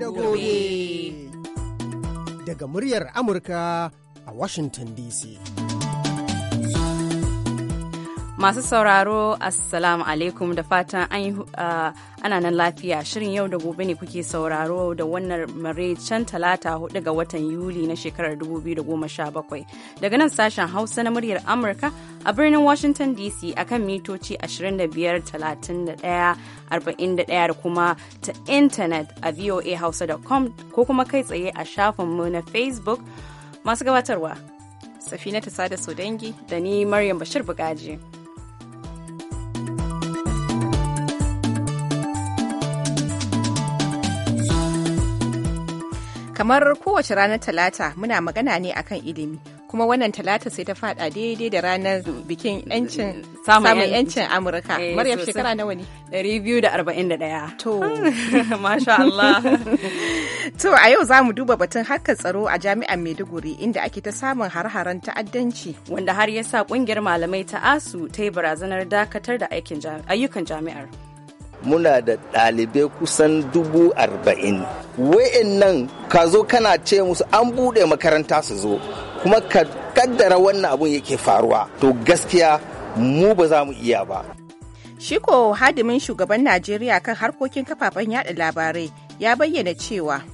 da gobe. Daga muryar Amurka a Washington DC. Masu sauraro, Assalamu alaikum da fatan uh, ana nan lafiya. Shirin yau da gobe ne kuke sauraro da wannan can talata hudu ga watan Yuli na shekarar 2017. Daga nan sashen Hausa na muryar Amurka a birnin Washington DC akan mitoci 25-31-41 da kuma ta intanet a voahausa.com ko kuma kai tsaye a shafinmu na Facebook masu gabatarwa. Safina ta sada dangi da ni Maryam Bashir Bugaji. Kamar kowace ranar Talata muna magana ne akan ilimi kuma wannan talata sai ta fada daidai da ranar bikin yancin samun yancin amurka eh, maryam shekara nawa ne 241 to masha Allah to a yau za mu duba batun harkar tsaro a jami'an maiduguri inda ake ta samun har-haren ta'addanci wanda har ya sa kungiyar malamai ta asu ta yi barazanar dakatar da ayyukan jami'ar muna da ɗalibai kusan dubu arba'in nan ka zo kana ce musu an buɗe makaranta su zo kuma ka kaddara wannan abun yake faruwa to gaskiya mu ba za mu iya ba shiko hadimin shugaban najeriya kan harkokin kafafen yada labarai ya bayyana cewa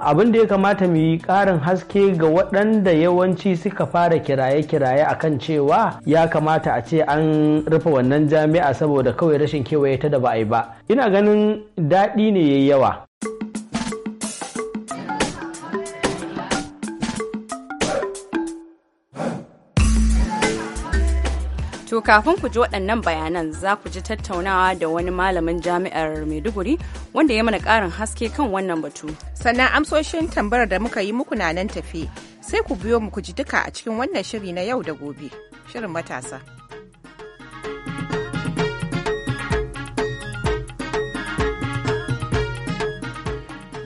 abin da ya kamata mu yi ƙarin haske ga waɗanda yawanci suka fara kiraye-kiraye a kan cewa ya kamata a ce an rufe wannan jami'a saboda kawai rashin kewaye ta da ba a yi ba ina ganin daɗi ne ya yawa kafin ku ji waɗannan bayanan za ku ji tattaunawa da wani malamin jami'ar Maiduguri wanda ya mana ƙarin haske kan wannan batu. Sannan amsoshin tambayar da muka yi muku na nan tafi sai ku biyo mu ku ji duka a cikin wannan shiri na yau da gobe. Shirin matasa.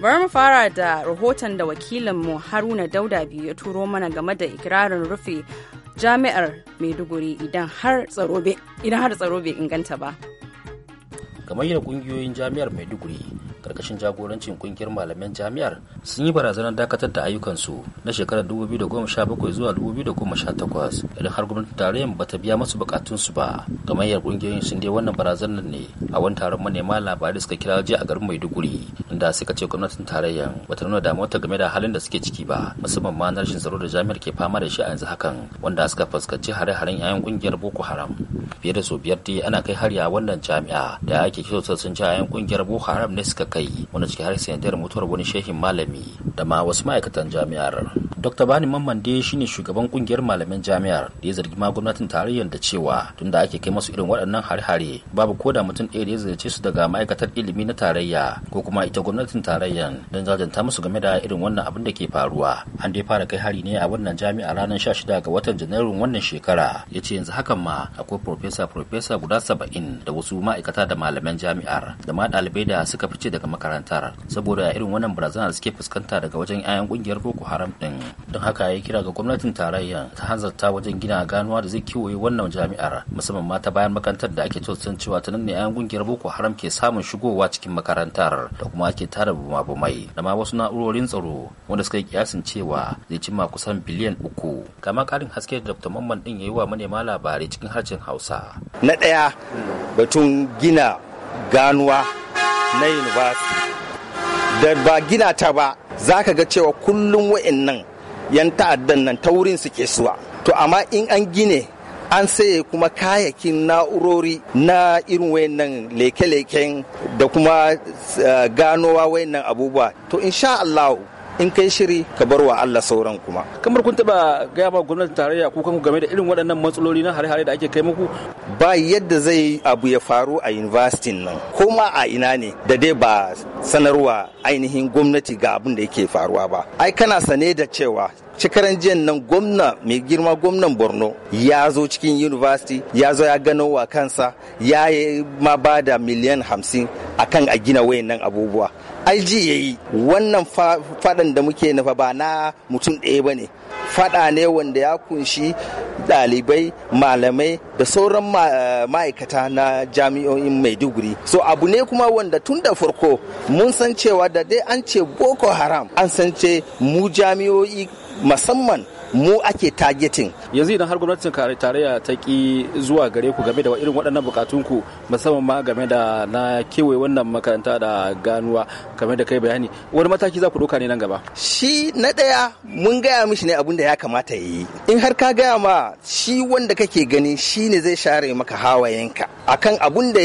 bari mu fara da rahoton da wakilinmu haruna dauda biyu ya turo mana game da ikirarin rufe jami'ar maiduguri idan har tsaro bai inganta ba. kamar da ƙungiyoyin jami'ar maiduguri karkashin jagorancin kungiyar malaman jami'ar sun yi barazanar dakatar da ayyukansu na shekarar 2017 zuwa 2018 idan har gwamnatin tarayyar ba ta biya masu bukatunsu ba gamayyar kungiyoyin sun dai wannan barazanar ne a wani taron manema labarai suka kira jiya a garin maiduguri inda suka ce gwamnatin tarayyar ba ta nuna damuwa ta game da halin da suke ciki ba musamman ma na rashin tsaro da jami'ar ke fama da shi a yanzu hakan wanda suka fuskanci hare-haren 'ya'yan kungiyar boko haram fiye da sau biyar dai ana kai hari a wannan jami'a da ake kyautar sun 'ya'yan kungiyar boko haram ne suka kai wani ciki har sai da mutuwar wani shehin malami da ma wasu ma'aikatan jami'ar dr bani mamman dai shine shugaban kungiyar malamin jami'ar da ya zargi ma gwamnatin tarayyar da cewa tunda ake kai masu irin waɗannan hare-hare babu koda mutum ɗaya da ya ziyarce su daga ma'aikatar ilimi na tarayya ko kuma ita gwamnatin tarayyar don jajanta musu game da irin wannan abin da ke faruwa an dai fara kai hari ne a wannan jami'a ranar 16 ga watan janairun wannan shekara ya ce yanzu hakan ma akwai profesa profesa guda 70 da wasu ma'aikata da malaman jami'ar da ma ɗalibai da suka fice daga daga makarantar saboda irin wannan barazana da suke fuskanta daga wajen 'ya'yan kungiyar boko haram din don haka ya kira ga gwamnatin tarayya ta hanzarta wajen gina ganuwa da zai kiwoye wannan jami'ar musamman ma ta bayan makarantar da ake tsotsin cewa ta nan ne 'ya'yan kungiyar boko haram ke samun shigowa cikin makarantar da kuma ake tara bumabumai da ma wasu na'urorin tsaro wanda suka yi kiyasin cewa zai cimma kusan biliyan uku kama karin haske da dr mamman din ya yi wa manema labarai cikin harshen hausa na ɗaya batun gina ganuwa na university da ba gina ta ba za ka ga cewa kullum wa'annan yan ta'addan nan ta wurin su ke suwa to amma in an gine an saye kuma kayakin na'urori na irin wayannan leke-leken da kuma eh, ganowa wayannan abubuwa to insha Allah in kai shiri ka bar wa Allah sauran kuma kamar kun taba gaya ma gwamnatin tarayya ku kanku game da irin waɗannan matsaloli na hare-hare da ake kai muku ba yadda zai abu ya faru a university nan ko ma a ina ne da dai ba sanarwa ainihin gwamnati ga abin da yake faruwa ba ai kana sane da cewa shekaran jiyan nan gwamna mai girma gwamnan borno ya zo cikin university ya zo ya gano wa kansa ya yi ma ba da miliyan hamsin akan a gina wayannan abubuwa ai ji yi. wannan fadan da muke nufa ba na mutum ɗaya ba ne fada ne wanda ya kunshi ɗalibai malamai da sauran ma'aikata na jami'o'in maiduguri so abu ne kuma wanda tun da farko mun san cewa da dai an ce boko haram an san ce mu jami'o'i musamman mu ake targeting yanzu idan har gwamnatin tarayya ta ki zuwa gare ku game da irin waɗannan bukatun ku musamman ma game da na kewaye wannan makaranta da ganuwa game da kai bayani wani mataki za ku doka ne nan gaba shi na ɗaya mun gaya mishi ne abin da ya kamata yi in har ka gaya ma shi wanda kake gani shi ne zai share maka hawayenka akan abun da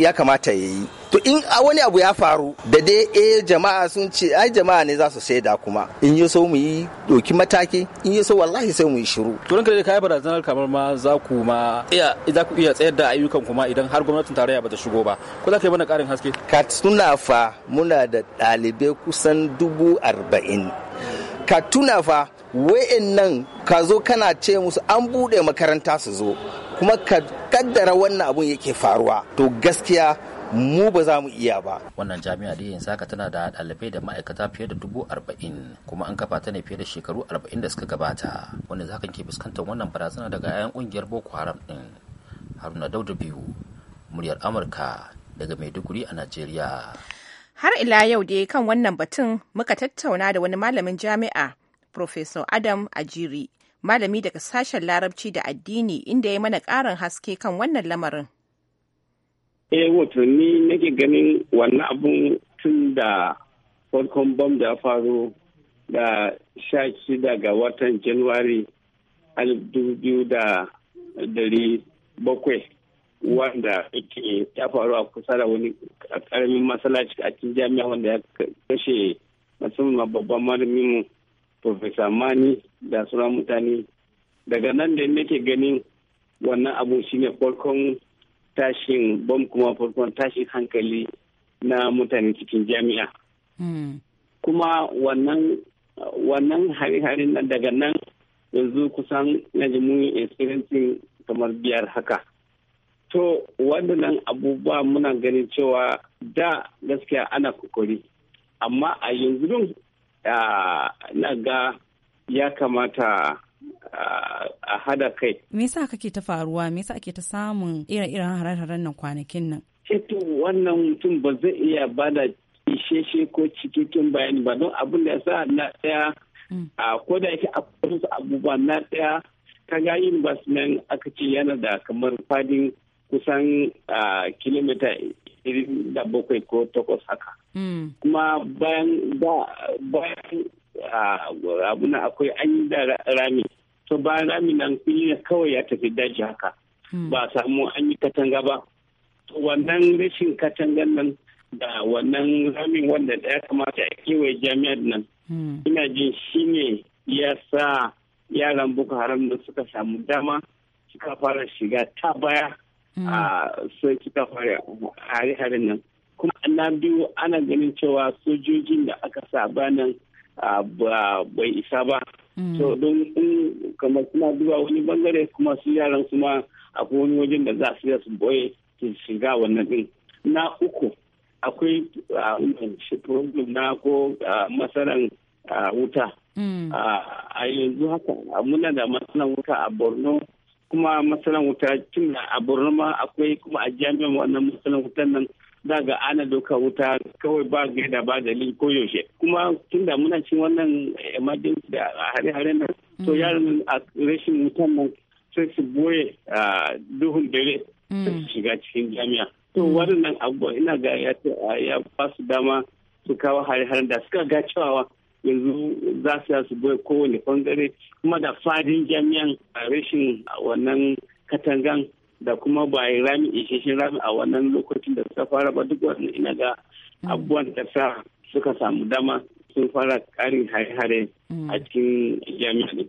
ya kamata ya yi to in wani abu ya faru da dai e jama'a sun ce ai jama'a ne za su saida kuma in yi so mu yi doki mataki in yi so wallahi sai mu yi shiru to ranka da kai barazanar kamar ma za ku ma iya za ku iya tsayar da ayyukan kuma idan har gwamnatin tarayya ba ta shigo ba ko za ka yi mana karin haske ka tuna fa muna da ɗalibai kusan dubu arba'in ka tuna fa nan ka zo kana ce musu an buɗe makaranta su zo kuma ka kaddara wannan abun yake faruwa to gaskiya mu ba za mu iya ba wannan jami'a da yin saka tana da ɗalibai da ma'aikata fiye da dubu arba'in kuma an kafa ta ne fiye da shekaru arba'in da suka gabata wanda za ke fuskantar wannan barazana daga 'ya'yan ƙungiyar boko haram ɗin haruna dauda biyu muryar amurka daga maiduguri a najeriya har ila yau da kan wannan batun muka tattauna da wani malamin jami'a Professor Adam Ajiri, malami daga sashen larabci da addini inda ya mana ƙarin haske kan wannan lamarin. eh wato ni nake ganin wannan abun tun da farkon bom da ya faru da sha shida ga watan januwari alif da dari bakwai wanda ake ya faru a kusa da wani karamin masallaci a cikin jami'a wanda ya kashe musamman babban malaminmu profesa mani da sauran mutane daga nan da nake ganin wannan abu shine farkon tashin bom kuma farkon tashin hankali na mutane cikin jami'a hmm. kuma wannan hari-hari na daga nan yanzu kusan na mun experiencing kamar biyar haka to waɗannan abubuwa muna ganin cewa da gaskiya ana kokari amma a yanzu ah, ga ya kamata a hada kai. Me yasa kake ta faruwa? Me yasa ake ta samun ire-iren hare-haren nan kwanakin nan? wannan mutum ba zai iya bada isheshe ko cikakken bayani ba don abin da sa na ɗaya mm. a da yake akwai wasu abubuwa na ɗaya kaga investment aka ce yana da kamar fadin kusan kilomita irin da bakwai ko takwas haka. Mm. Kuma bayan abu na akwai an yi da rami to bayan rami nan fili kawai ya tafi daji haka hmm. ba samu an yi katanga ba to wannan rashin katangan nan da wannan ramin wanda ya kamata a kewaye jami'ar nan hmm. ina jin shi ne ya sa yaran boko haram da suka samu dama suka fara shiga ta baya hmm. a sai suka fara hare-haren nan kuma na biyu ana ganin cewa sojojin da aka sa nan ba bai isa ba so mm. don in kamar suna duba wani bangare kuma su yaran kuma a akwai wani wajen da za su su boye su shiga wannan din na uku akwai problem na ko masaran wuta mm. a yanzu haka muna da masaran wuta a borno kuma masalan wuta tun a borno ma akwai kuma a jami'an wannan masalan wutan nan za ga ana doka wuta kawai ba gaida ba dalili ko yaushe kuma tun da muna cin wannan emergency da hare-hare nan to mm. yaran a rashin wutan nan sai su boye duhun dare mm. sai su shiga cikin jami'a to mm. waɗannan abubuwa ina ga ya ba su dama su kawo hare-haren da suka ga cewa yanzu za su su boye kowane bangare kuma da fadin jami'an rashin wannan katangan da kuma ba yi rami isheshin rami a wannan lokacin da suka fara ba duk wani ina ga mm. abubuwan da sa suka samu dama sun fara karin hare-hare mm. a cikin jami'a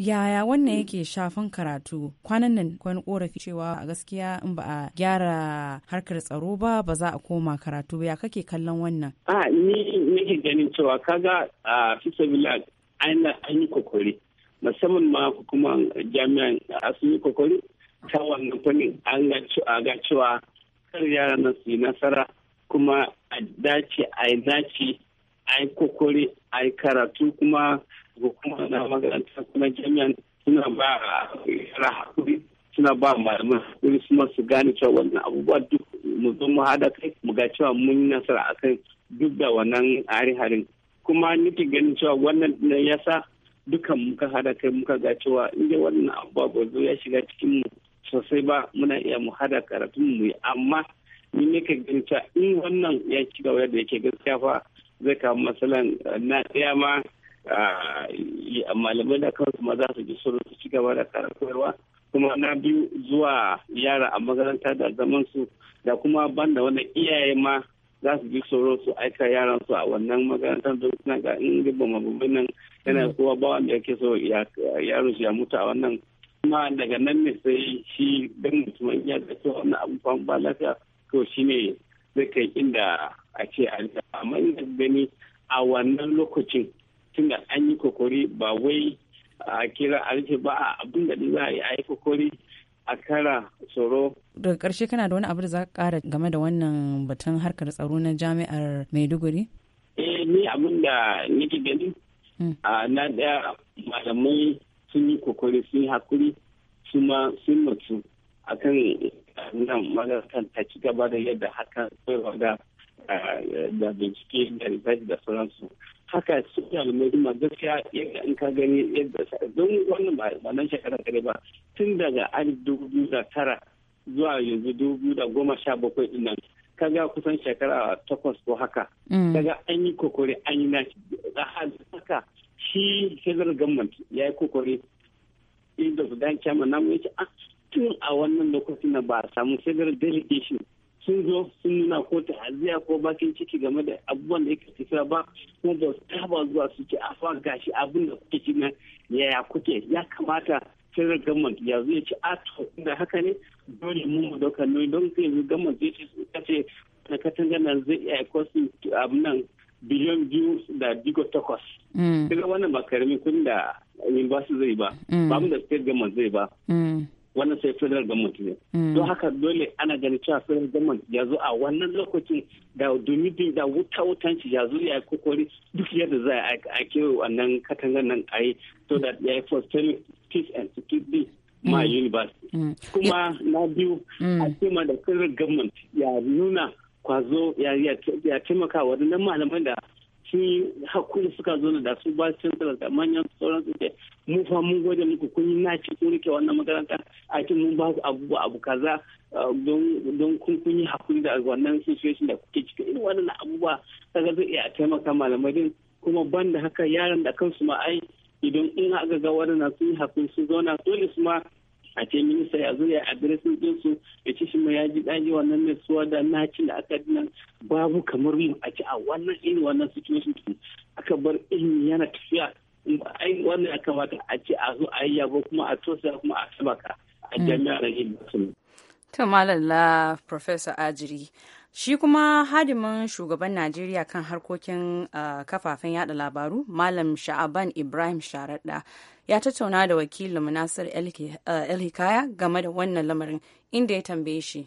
yaya wannan yake shafan karatu kwanan nan kwan korafi cewa a gaskiya in ba a gyara harkar tsaro ba ba za a koma karatu ba ya kake kallon wannan a ni nake ganin cewa kaga a fisabila an yi kokori musamman ma hukumar jami'an sun yi kokori ta wannan kwanin an ga cewa kar yara nan su yi nasara kuma a dace a yi dace a yi kokori a yi karatu kuma kuma na makaranta kuma jami'an suna ba yara hakuri suna ba malaman hakuri kuma su gane cewa wannan abubuwa duk mu zo mu hada kai mu ga cewa mun yi nasara a kai duk da wannan hari-harin kuma niki ganin cewa wannan yasa dukan muka hada kai muka ga cewa inda wannan abubuwa ba zo ya shiga cikin mu sosai ba muna iya mu hada karatun mu amma ni ne ka ganta in wannan ya ci gaba da yake gaskiya fa zai kawo matsalan eh, na ɗaya ma eh, malamai da kansu ma za su ji sun su ci gaba da karatuwa kuma na biyu zuwa yara a makaranta da zaman su da kuma banda wani iyaye ma za su ji tsoron su aika yaran su a wannan makaranta don suna ga in a mabubin nan yana mm. kowa ba wanda yake so yaro ya mutu a wannan kuma daga nan ne sai shi dan mutumin ya da cewa wani abubuwan ba lafiya to shi ne zai kai inda a ce amma ina gani a wannan lokacin tunda an yi kokori ba wai a kira a rufe ba a abin da za a kokori a kara tsoro. Daga ƙarshe kana da wani abu da za ka ƙara game da wannan batun harkar tsaro na jami'ar Maiduguri? Eh ni abin da nake gani. Hmm. Na ɗaya malamai sun yi kokari sun yi hakuri su ma sun nutsu akan nan magarkan ta ci gaba da yadda hakan koyarwa da da bincike da research da sauransu haka su malamai ma gaskiya yadda in ka gani yadda don wannan ba nan shekara kare ba tun daga alif dubu biyu da tara zuwa yanzu dubu biyu da goma sha bakwai din nan kaga kusan shekara takwas ko haka mm. kaga an yi kokori an yi nashi haka shi federal government ya yi kokari inda su dan chairman namu ya ce a ah, tun a wannan lokacin na ba a samu federal delegation sun zo sun nuna ko ta'aziyya ko bakin ciki game da abubuwan da yake tafiya ba kuma ba su taba zuwa su ce a ah, fara gashi abin da kuke ci yaya kuke ya kamata federal government ya zo ya ce a ah, to inda haka ne dole mun mu dauka nauyi don kai yanzu government zai ce ta ce na katanga nan zai iya kwasu abin nan biliyan biyu da digo takwas. Daga mm. wannan ba karamin kun da university zai ba, mm. ba mu da state government zai ba. Mm. Wannan sai federal government ne. Don haka dole ana ganin cewa federal government ya zo a wannan lokacin da domin da wuta wutan ya zo ya yi kokori duk yadda za a kewa wannan katangar nan a yi so that ya yi for peace and security ma university. Kuma na biyu a da federal government ya nuna kwazo ya taimaka waɗannan malaman da sun yi hakuri suka zo da su ba su da manyan sauran su ce mu fa mun gode muku kun yi naci kun rike wannan makaranta a kin mun ba ku abubuwa abu kaza don kun kun yi hakuri da wannan situation da kuke cikin irin wannan abubuwa kaga zai iya taimaka malamai din kuma ban da haka yaran da kansu ma ai idan in aka ga waɗanda sun yi hakuri sun zauna dole su ma a ce minista ya zo ya adiresin ɗinsu ya ce shi ma ya ji daji wannan ne suwa da nacin da aka nan babu kamar mu a ce a wannan irin wannan situation aka bar ilimi yana tafiya yi wannan ya kamata a ce a zo a yi yabo kuma a tosa kuma a sabaka a mm. jami'ar rahim to professor ajiri shi kuma hadimin shugaban najeriya kan harkokin uh, kafafen yada labaru malam sha'aban ibrahim sharaɗa ya tattauna da wakilin munasir elhikaya uh, game da wannan lamarin inda ya tambaye shi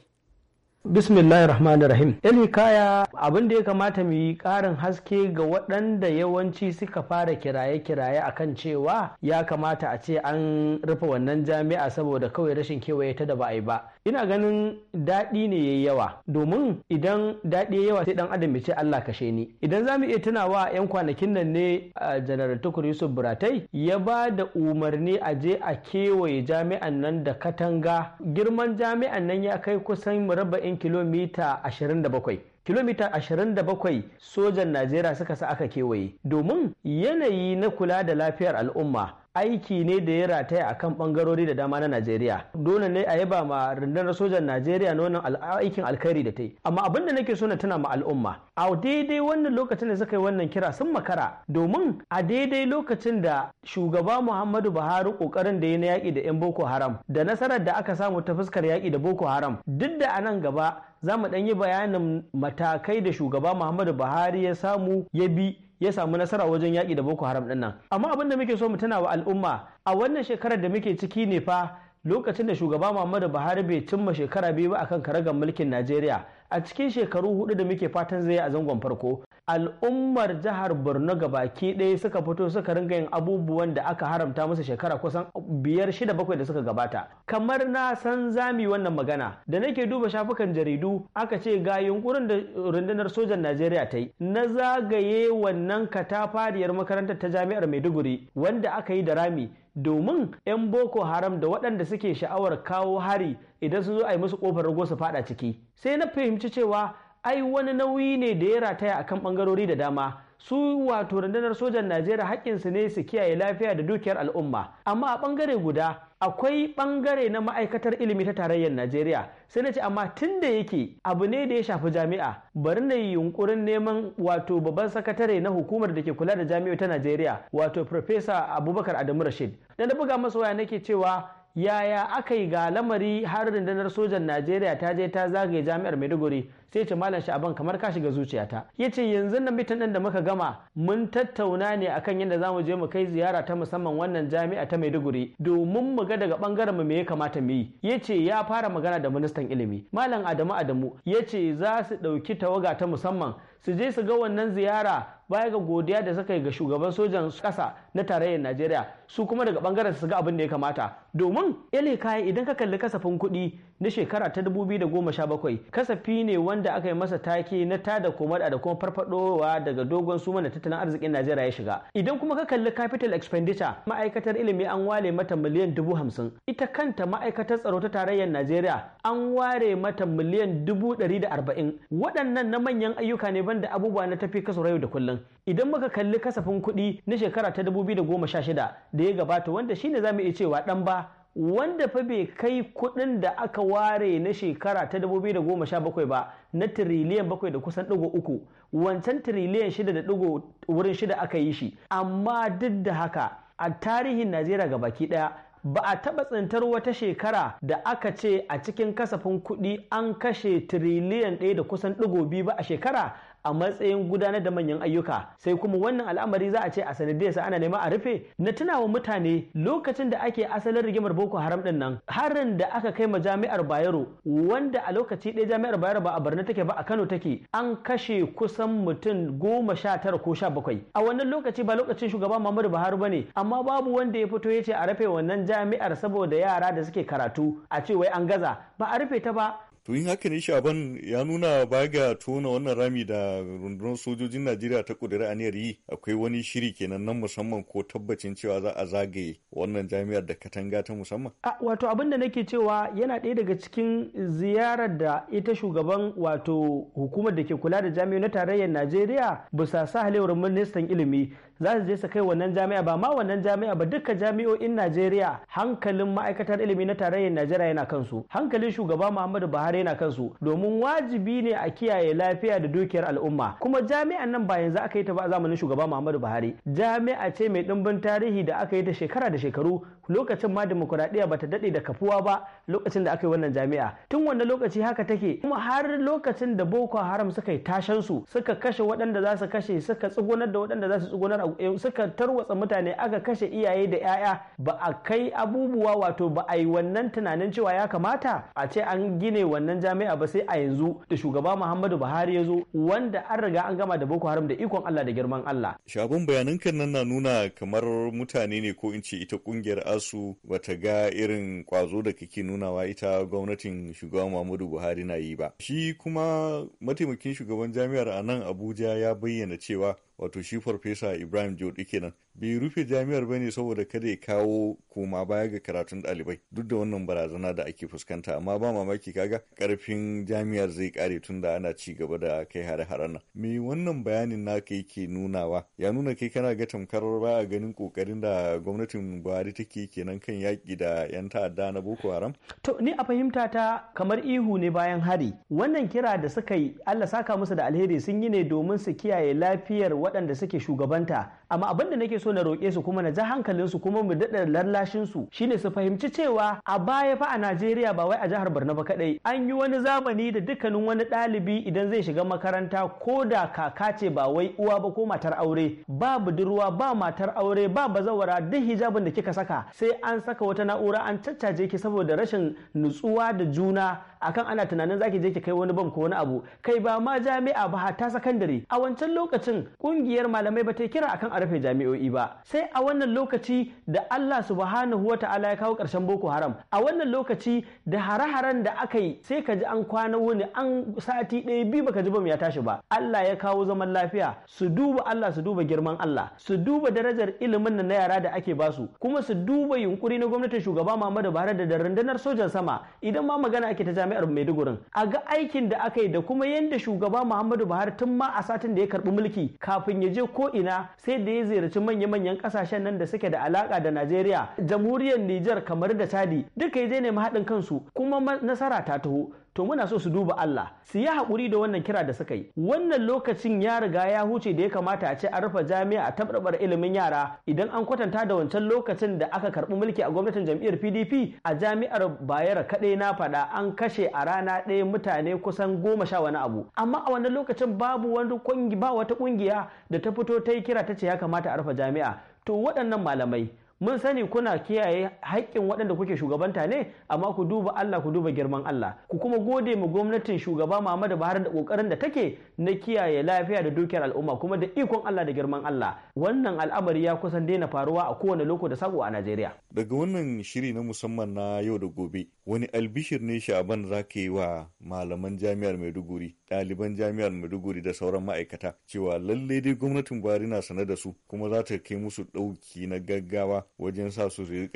bismillahir rahmanir rahim elhikaya abin ya kamata mu yi karin haske ga waɗanda yawanci suka fara kiraye-kiraye a kan cewa ya kamata a ce an rufe wannan jami'a saboda kawai rashin kewaye ta da ba a yi ba ina ganin daɗi ne yayi yawa domin idan daɗi ya yawa sai ɗan adam ya ce Allah kashe ni idan za mu iya tunawa yan kwanakin nan ne a janarar tukur yusuf buratai ya ba da umarni a je a kewaye jami'an nan da katanga girman jami'an nan ya kai kusan murabba'in kilomita 27 kilomita 27 sojan najeriya suka sa aka kewaye domin yanayi na kula da lafiyar al'umma aiki ne da ya rataya a kan bangarori da dama na Najeriya. Dole ne a yaba ma rundunar sojan Najeriya na wannan aikin alkhairi da ta yi. Amma abin da nake so na tana ma al'umma. A daidai wannan lokacin da suka yi wannan kira sun makara domin a daidai lokacin da shugaba Muhammadu Buhari kokarin da ya na yaƙi da 'yan Boko Haram da nasarar da aka samu ta fuskar yaƙi da Boko Haram duk da a nan gaba za mu ɗan yi bayanin matakai da shugaba Muhammadu Buhari ya samu ya bi ya samu nasara wajen yaƙi da boko haram ɗin nan amma abin da muke so mu tana wa al'umma a wannan shekarar da muke ciki ne fa lokacin da shugaba muhammadu buhari bai cimma shekara biyu ba akan karagar mulkin najeriya a cikin shekaru hudu da muke fatan zai a zangon farko al'ummar jihar borno baki ɗaya suka fito suka ringa yin abubuwan da aka haramta musu shekara kusan biyar shida bakwai da suka gabata kamar na san zami wannan magana da nake duba shafukan jaridu aka ce ga yunkurin da rundunar sojan najeriya ta yi na zagaye wannan katafariyar makarantar ta jami'ar maiduguri wanda aka yi da rami domin 'yan boko haram da waɗanda suke sha'awar kawo hari idan su zo a yi musu ƙofar rago su faɗa ciki sai na fahimci cewa ai wani nauyi ne da ya rataya akan bangarori da dama su wato rundunar sojan najeriya haƙƙinsu ne su kiyaye lafiya da dukiyar al'umma amma a ɓangare guda akwai bangare na ma'aikatar ilimi ta tarayyar najeriya sai na ce amma tun da yake abu ne da ya shafi jami'a bari na yi yunkurin neman wato babban sakatare na hukumar da ke kula da jami'o ta najeriya wato Profesa abubakar adamu rashid da na buga masa waya nake cewa yaya aka yi ga lamari har rundunar sojan najeriya ta je ta zagaye jami'ar maiduguri sai ce malam shi abin kamar ka shiga zuciyata ya ce yanzu nan mitin ɗin da muka gama mun tattauna ne akan yadda za mu je mu kai ziyara ta musamman wannan jami'a ta maiduguri domin mu ga daga ɓangaren mu me ya kamata mu yi ya ce ya fara magana da ministan ilimi malam adamu adamu ya ce za su ɗauki tawaga ta musamman su je su ga wannan ziyara baya ga godiya da suka yi ga shugaban sojan kasa na tarayyar najeriya su kuma daga bangaren su ga abin da ya kamata domin ele kai idan ka kalli kasafin kuɗi na shekara ta 2017 kasafi ne wanda aka yi masa take na tada komar da kuma farfadowa daga dogon suma da tattalin arzikin Najeriya ya shiga idan kuma ka kalli capital expenditure ma'aikatar ilimi an ware mata miliyan dubu hamsin ita kanta ma'aikatar tsaro ta tarayyar Najeriya an ware mata miliyan dubu ɗari da arba'in waɗannan na manyan ayyuka ne banda abubuwa na tafi kaso yau da kullum idan muka kalli kasafin kuɗi na shekara ta 2016 da ya gabata wanda shine zamu iya cewa ɗan ba wanda fa bai kai kuɗin da aka ware na shekara ta 2017 ba na tiriliyan bakwai da kusan ɗigo uku wancan tiriliyan shida da ɗigo wurin shida aka yi shi amma duk da haka a tarihin najeriya ga baki ɗaya ba a taɓa tsintar wata shekara da aka ce a cikin kasafin kuɗi an kashe tiriliyan ɗaya da kusan ɗigo ba a shekara a matsayin gudanar da manyan ayyuka sai kuma wannan al'amari za a ce a sanadiyar sa ana nema a rufe na tunawa mutane lokacin da ake asalin rigimar boko haram din nan harin da aka kai ma jami'ar bayero wanda a lokaci ɗaya jami'ar bayero ba a barna take ba a kano take an kashe kusan mutum goma sha tara ko sha bakwai a wannan lokaci ba lokacin shugaban muhammadu buhari ba ne amma babu wanda ya fito ya ce a rufe wannan jami'ar saboda yara da suke karatu a ce wai an gaza ba a rufe ta ba to yin haka ne shaban ya nuna ba ga tona wannan rami da rundunar sojojin najeriya ta kudura aniyar yi akwai wani shiri kenan nan musamman ko tabbacin cewa za a zagaye wannan jami'ar da katanga ta musamman wato abin da nake cewa yana ɗaya daga cikin ziyarar da ita shugaban wato hukumar da ke kula da jami'o na tarayyar najeriya bisa halewar ministan ilimi za su je su kai wannan jami'a ba ma wannan jami'a ba duka jami'o'in Najeriya hankalin ma'aikatar ilimi na tarayyar Najeriya yana kansu hankalin shugaba Muhammadu Buhari yana kansu domin wajibi ne a kiyaye lafiya da dukiyar al'umma kuma jami'an nan ba yanzu aka yi ta ba a zamanin shugaba Muhammadu Buhari jami'a ce mai dimbin tarihi da aka yi ta shekara da shekaru lokacin ma demokuraɗiyya bata daɗe da kafuwa ba lokacin da aka yi wannan jami'a tun wanne lokaci haka take kuma har lokacin da Boko Haram suka yi tashansu suka kashe waɗanda za su kashe suka tsugunar da waɗanda za su tsugunar suka tarwatsa mutane aka kashe iyaye da 'ya'ya ba a kai abubuwa wato ba a yi wannan tunanin cewa ya kamata a ce an gine wannan jami'a ba sai a yanzu da shugaba Muhammadu Buhari ya zo wanda an riga an gama da Boko Haram da ikon Allah da girman Allah. Shagon bayanan kan nan na nuna kamar mutane ne ko in ce ita kungiyar ASU bata ga irin kwazo da kake nunawa ita gwamnatin shugaba Muhammadu Buhari na yi ba. Shi kuma mataimakin shugaban jami'ar a nan Abuja ya bayyana cewa wato shi farfesa ibrahim jodi kenan bai rufe jami'ar bane saboda kada ya kawo koma baya ga karatun ɗalibai duk da wannan barazana da ake fuskanta amma ba mamaki kaga karfin jami'ar zai kare tun da ana ci gaba da kai hare-haren nan me wannan bayanin naka yake nunawa ya nuna kai kana ga tamkar baya ganin kokarin da gwamnatin Buhari take kenan kan yaki da 'yan ta'adda na Boko Haram to ni a fahimta ta kamar ihu ne bayan hari wannan kira da suka yi Allah saka musu da alheri sun yi ne domin su kiyaye lafiyar waɗanda suke shugabanta amma abin da nake so na roƙe su kuma na ji hankalin su kuma mu daɗa lallashin su shine su fahimci cewa a baya fa a Najeriya ba wai a jihar Borno ba kadai an yi wani zamani da dukkanin wani ɗalibi idan zai shiga makaranta ko da kaka ce ba wai uwa ba ko matar aure ba budurwa ba matar aure ba bazawara duk hijabin da kika saka sai an saka wata na'ura an caccaje ki saboda rashin nutsuwa da juna akan ana tunanin zaki je ki kai wani bam ko wani abu kai ba ma jami'a ba ta sakandare a wancan lokacin kungiyar malamai ba ta kira akan a rufe jami'o'i ba sai a wannan lokaci da Allah subhanahu wata'ala ya kawo karshen boko haram a wannan lokaci da hare-haren da aka yi sai ka ji an kwana wuni an sati ɗaya biyu baka ji bam ya tashi ba Allah ya kawo zaman lafiya su duba Allah su duba girman Allah su duba darajar ilimin nan na yara da ake basu kuma su duba yunkuri na gwamnatin shugaba Muhammadu Buhari da rundunar sojan sama idan ma magana ake ta jami'a jami'ar Maidugurin a ga aikin da aka yi da kuma yadda shugaba Muhammadu Buhari tun ma a satin da ya karbi mulki kafin ya je ko ina sai da ya ziyarci manya-manyan kasashen nan da suke da alaka da Najeriya jamhuriyar Nijar kamar da Chadi duka ya je nemi haɗin kansu kuma nasara ta taho to muna so su duba Allah su yi haƙuri da wannan kira da suka yi wannan lokacin ya riga ya huce da ya kamata a ce a rufe jami'a a tabarbar ilimin yara idan an kwatanta da wancan lokacin da aka karɓi mulki a gwamnatin jam'iyyar PDP a jami'ar Bayero kaɗai na faɗa an kashe a rana ɗaya mutane kusan goma sha wani abu amma a wannan lokacin babu wani kungiya ba wata kungiya da ta fito ta yi kira ta ce ya kamata a rufe jami'a to waɗannan malamai mun sani kuna kiyaye haƙƙin waɗanda kuke shugabanta ne amma ku duba Allah ku duba girman Allah ku kuma gode ma gwamnatin shugaba Muhammadu Buhari da kokarin da take na kiyaye lafiya da dukiyar al'umma kuma da ikon Allah da girman Allah wannan al'amari ya kusan daina faruwa a kowane loko da sako a Najeriya daga wannan shiri na musamman na yau da gobe wani albishir ne sha'aban za ka yi wa malaman jami'ar maiduguri ɗaliban jami'ar maiduguri da sauran ma'aikata cewa lallai dai gwamnatin buhari na sane da su kuma za ta kai musu ɗauki na gaggawa wajen sa su su yi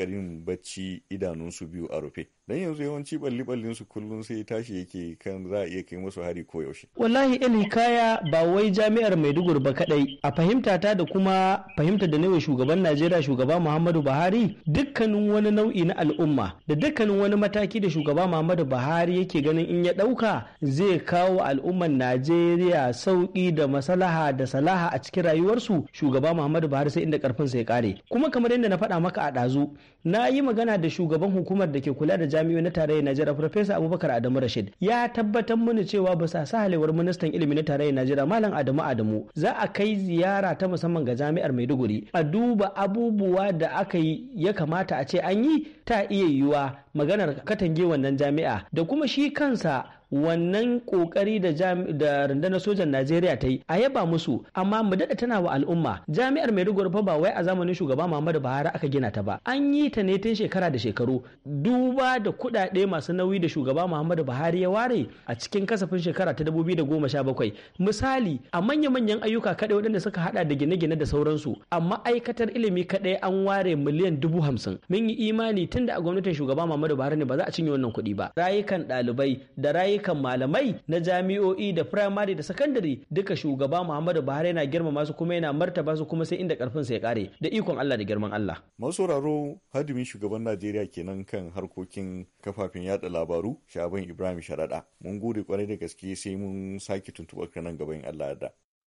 bacci idanunsu biyu a rufe dan yanzu yawanci balli ballin su kullum sai tashi yake kan za a iya kai musu hari ko yaushe wallahi ilin kaya ba wai jami'ar maiduguri ba kadai a fahimta ta da kuma fahimta da nawa shugaban najeriya shugaba muhammadu buhari dukkanin wani nau'i na al'umma da dukkanin wani mata mataki da shugaba Muhammadu Buhari yake ganin in ya ɗauka zai kawo al'ummar Najeriya sauƙi da maslaha da salaha a cikin rayuwarsu shugaba Muhammadu Buhari sai inda karfin sai kare. Kuma kamar yadda na faɗa maka a ɗazu na yi magana da shugaban hukumar da ke kula da jami'o na tarayyar Najeriya Farfesa Abubakar Adamu Rashid ya tabbatar mana cewa sa sahalewar ministan ilimi na tarayyar Najeriya Malam Adamu Adamu za a kai ziyara ta musamman ga jami'ar Maiduguri a duba abubuwa da aka yi ya kamata a ce an yi ta iya yiwuwa maganar katange wannan jami'a da kuma shi kansa wannan kokari da da rundunar sojan Najeriya ta yi a yaba musu amma mu dada tana wa al'umma jami'ar Maiduguri fa ba wai a zamanin shugaba Muhammadu Buhari aka gina ta ba an yi ta ne tun shekara da shekaru duba da kuɗaɗe masu nauyi da shugaba Muhammadu Buhari ya ware a cikin kasafin shekara ta 2017 misali a manya-manyan ayyuka kaɗai waɗanda suka haɗa da gine-gine da sauransu amma ma'aikatar ilimi kaɗai an ware miliyan dubu hamsin mun yi imani tun da a gwamnatin shugaba Muhammadu Buhari ne ba za a cinye wannan kuɗi ba rayukan ɗalibai da rayukan ayyukan malamai na jami'o'i da firamare da sakandare duka shugaba Muhammadu Buhari yana girmama su kuma yana martaba su kuma sai inda karfin sa ya kare da ikon Allah da girman Allah. sauraro hadimin shugaban Najeriya kenan kan harkokin kafafen yada labaru Shaban Ibrahim Sharada. Mun gode kwarai da gaske sai mun sake tuntuɓar nan gaban Allah da.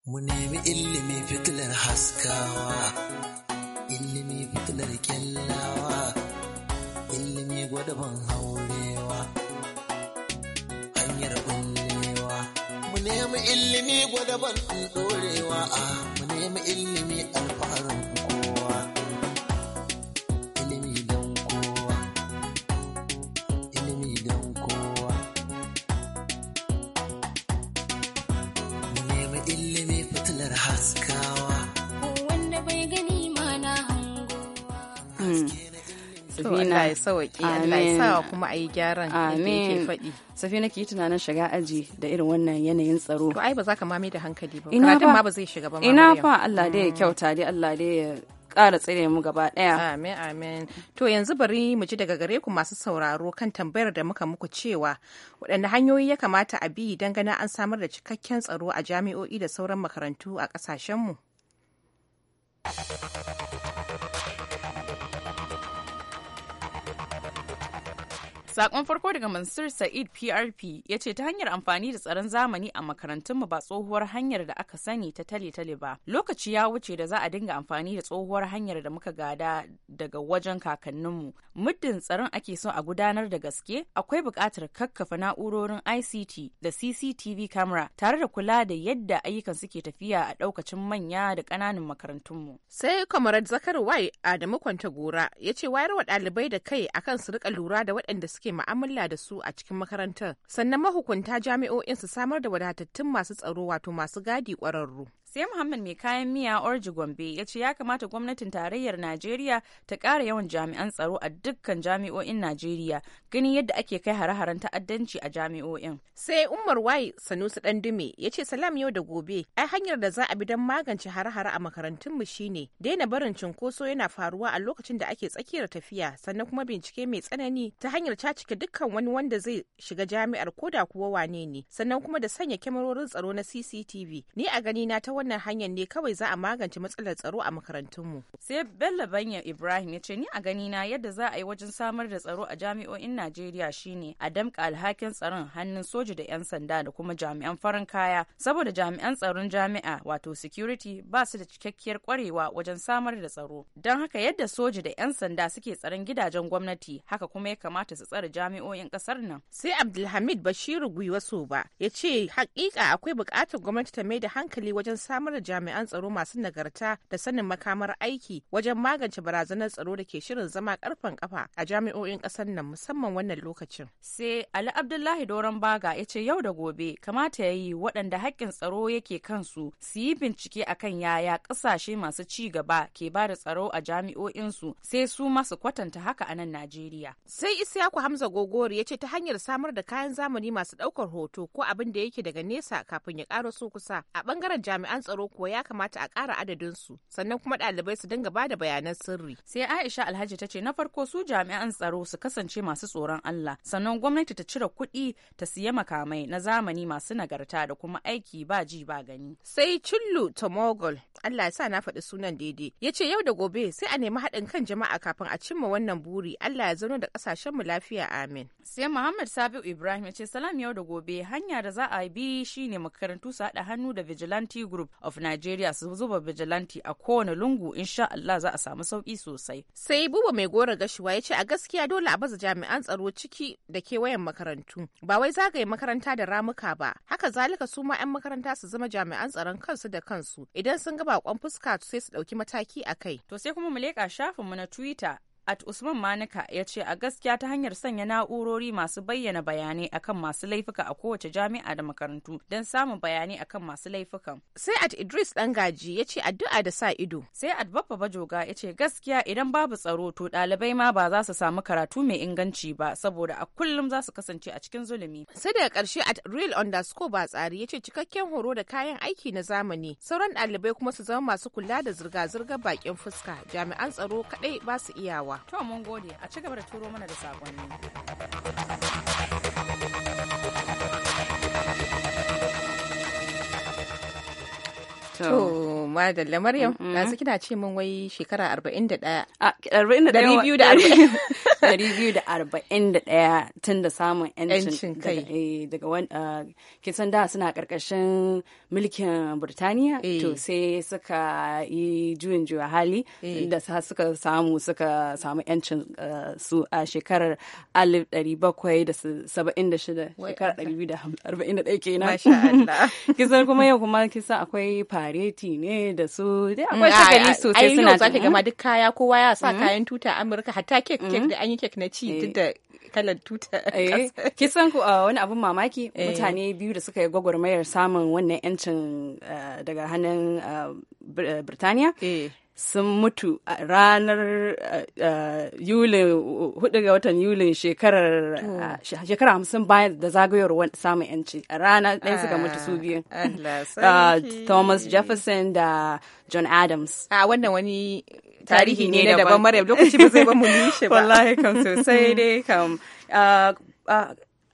Mu nemi ilimi fitilar haskawa, ilimi fitilar kyallawa, ilimi gwada ban haure. nemi ilimi gwadaban ɗorewa a ah, mu nemi ilimi alfaharin kowa ilimi don kowa ilimi don kowa mu nemi ilimi fitilar haskawa wanda bai gani mana hangowa hmm. Allah ya sawaƙi Allah ya sa kuma a yi gyaran yake faɗi. safi nake yi tunanin shiga aji da irin wannan yanayin tsaro to ai ba za ka mame da hankali ba karatun ba ba zai shiga ba ina fa Allah dai ya mm. kyauta dai Allah dai ya kara tsire mu gaba daya amin amin to yanzu bari mu ji daga gare ku masu sauraro kan tambayar da muka muku cewa waɗanne hanyoyi ya kamata a bi don ganin an samar da cikakken tsaro a jami'o'i da sauran makarantu a ƙasashenmu. mu Sakon farko daga Mansur Sa'id PRP ya ce ta hanyar amfani da tsaron zamani a makarantunmu ba tsohuwar hanyar da aka sani ta tale-tale ba. Lokaci ya wuce da za a dinga amfani da tsohuwar hanyar da muka gada daga wajen kakanninmu. Muddin tsaron ake so a gudanar da gaske, akwai buƙatar kakkafa na'urorin ICT da CCTV camera tare da kula da yadda ayyukan suke tafiya a ɗaukacin manya da ƙananan makarantunmu. Sai Kamarad Zakar Wai Adamu Kwantagora ya ce wayarwa ɗalibai da kai akan su rika lura da waɗanda suke mu'amala da su a cikin makarantar sannan mahukunta jami'o'in su samar da wadatattun masu tsaro wato masu gadi ƙwararru sai muhammad mai kayan miya orji gombe ya ce ya kamata gwamnatin tarayyar najeriya ta kara yawan jami'an tsaro a dukkan jami'o'in najeriya gani yadda ake kai hare-haren ta'addanci a jami'o'in sai umar wai sanusi dan dume ya ce salam yau da gobe ai hanyar da za a bi don magance hare-hare a makarantun mu shine daina barin cunkoso yana faruwa a lokacin da ake tsakiyar tafiya sannan kuma bincike mai tsanani ta hanyar cacike dukkan wani wanda zai shiga jami'ar koda kuwa wane ne sannan kuma da sanya kyamarorin tsaro na cctv ni a gani na ta wannan hanyar ne kawai za a magance matsalar tsaro a makarantunmu. Sai Bello Banya Ibrahim ya ce ni a ganina yadda za a yi wajen samar da tsaro a jami'o'in Najeriya shine a damƙa alhakin tsaron hannun soja da 'yan sanda da kuma jami'an farin kaya saboda jami'an tsaron jami'a wato security ba su da cikakkiyar kwarewa wajen samar da tsaro. Don haka yadda soja da 'yan sanda suke tsaron gidajen gwamnati haka kuma ya kamata su tsare jami'o'in ƙasar nan. Sai Abdulhamid Bashiru Gwiwaso ba ya ce hakika akwai buƙatar gwamnati ta mai da hankali wajen samar da jami'an tsaro masu nagarta da sanin makamar aiki wajen magance barazanar tsaro da ke shirin zama karfan kafa a jami'o'in ƙasar nan musamman wannan lokacin. Sai Ali Abdullahi Doron Baga ya ce yau da gobe kamata ya yi waɗanda haƙƙin tsaro yake kansu su yi bincike akan yaya ƙasashe masu ci gaba ke ba da tsaro a jami'o'insu sai su masu kwatanta haka a nan Najeriya. Sai Isiyaku Hamza Gogori ya ce ta hanyar samar da kayan zamani masu ɗaukar hoto ko abin da yake daga nesa kafin ya ƙaro su kusa a ɓangaren jami'an tsaro kuwa ya kamata a ƙara adadin su sannan kuma ɗalibai su dinga bada bayanan sirri. Sai Aisha Alhaji ta ce na farko su jami'an tsaro su kasance masu tsoron Allah sannan gwamnati ta cire kuɗi ta siya makamai na zamani masu nagarta da kuma aiki ba ji ba gani. Sai Cillu Tomogol Allah ya sa na faɗi sunan daidai ya ce yau da gobe sai a nemi haɗin kan jama'a kafin a cimma wannan buri Allah ya zano da ƙasashenmu lafiya amin. Sai Muhammad Sabiu Ibrahim ya ce salam yau da gobe hanya da za a bi shine makarantu su haɗa hannu da vigilante group of Nigeria su zuba vigilante a kowane lungu in insha Allah za a samu sauki sosai. Sai buba mai gora gashuwa ya ce a gaskiya dole a baza jami'an tsaro ciki da kewayen makarantu ba wai zagaye makaranta da ramuka ba haka zalika su ma 'yan makaranta su zama jami'an tsaron kansu da kansu idan sun ga bakon fuska sai su ɗauki mataki a kai. To sai kuma mu leƙa shafinmu na Twitter at usman manika ya ce a gaskiya ta hanyar sanya na'urori masu bayyana bayanai akan masu laifuka a kowace jami'a da makarantu don samun bayanai akan masu laifukan sai at idris Dangaji ya ce addu'a da sa ido sai at babba bajoga ya ce gaskiya idan babu tsaro to ɗalibai ma ba za su samu karatu mai inganci ba saboda a kullum za su kasance a cikin zulumi sai daga ƙarshe at real underscore ba tsari ya ce cikakken horo da kayan aiki na zamani sauran ɗalibai kuma su zama masu kula da zirga-zirgar bakin fuska jami'an tsaro kaɗai ba su iyawa To mun gode a ci gaba da turo mana da saƙonni. To, madalla Maryam, yanzu kina ce min wai shekara 41. A, da ɗaya tun da samun 'yancin kai eh, daga uh, kisan da suna karkashin mulkin Burtaniya. Eh. To, sai suka yi juyin juya hali eh. da suka samu suka samu 'yancin uh, su a shekarar 1776 shekarar 241 kenan. Masha Allah. Kisan kuma yau kuma kisa akwai fareti ne da su dai mm, akwai shagali sosai suna zaki gama duk kaya kowa ya sa mm. kayan tuta Amurka hatta kek mm. kek da an yi kek na ci duk eh. da kalar tuta eh, kisan ku ah, wani abun mamaki eh. mutane biyu da suka yi gwagwarmayar samun wannan yancin ah, daga hannun ah, Birtaniya sun mutu a ranar yulin hudu ga watan yulin shekarar shekara hamsin bayan da zagayowar samun yanci a rana ɗaya suka mutu su ah, biyu ah, thomas jefferson da john adams a wannan wani tarihi ne daban maryam lokaci ba zai ba mu nishe ba wallahi kam sosai dai kam ah,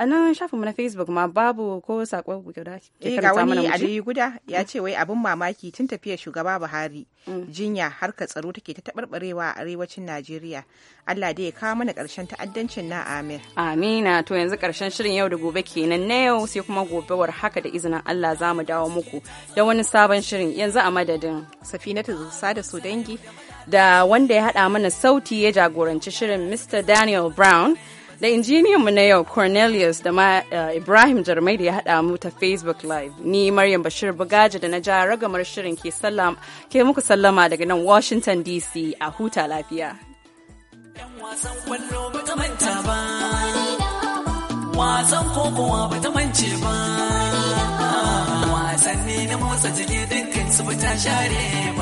a nan shafinmu na facebook ma babu ko sakon guda ke eh, ga wani aliyu guda ya mm. ce wai abin mamaki tun tafiya shugaba buhari mm. jinya harka tsaro take ta tabarbarewa a arewacin najeriya allah dai ya kawo mana ƙarshen ta'addancin na amin amina to yanzu ƙarshen shirin yau da gobe kenan na yau sai kuma gobe war haka da izinin allah za mu dawo muku da wani sabon shirin yanzu a madadin safinatu zusa da su dangi da wanda ya haɗa mana sauti ya jagoranci shirin mr daniel brown da injiniyan mu na yau Cornelius da ma eh, Ibrahim Jarmai da ya haɗa mu ta Facebook Live. Ni Maryam Bashir Bugaji da na ja ragamar shirin ke ke muku sallama daga nan Washington DC a huta lafiya. wasan ba ta ba, wasan na motsa su ba ta share ba.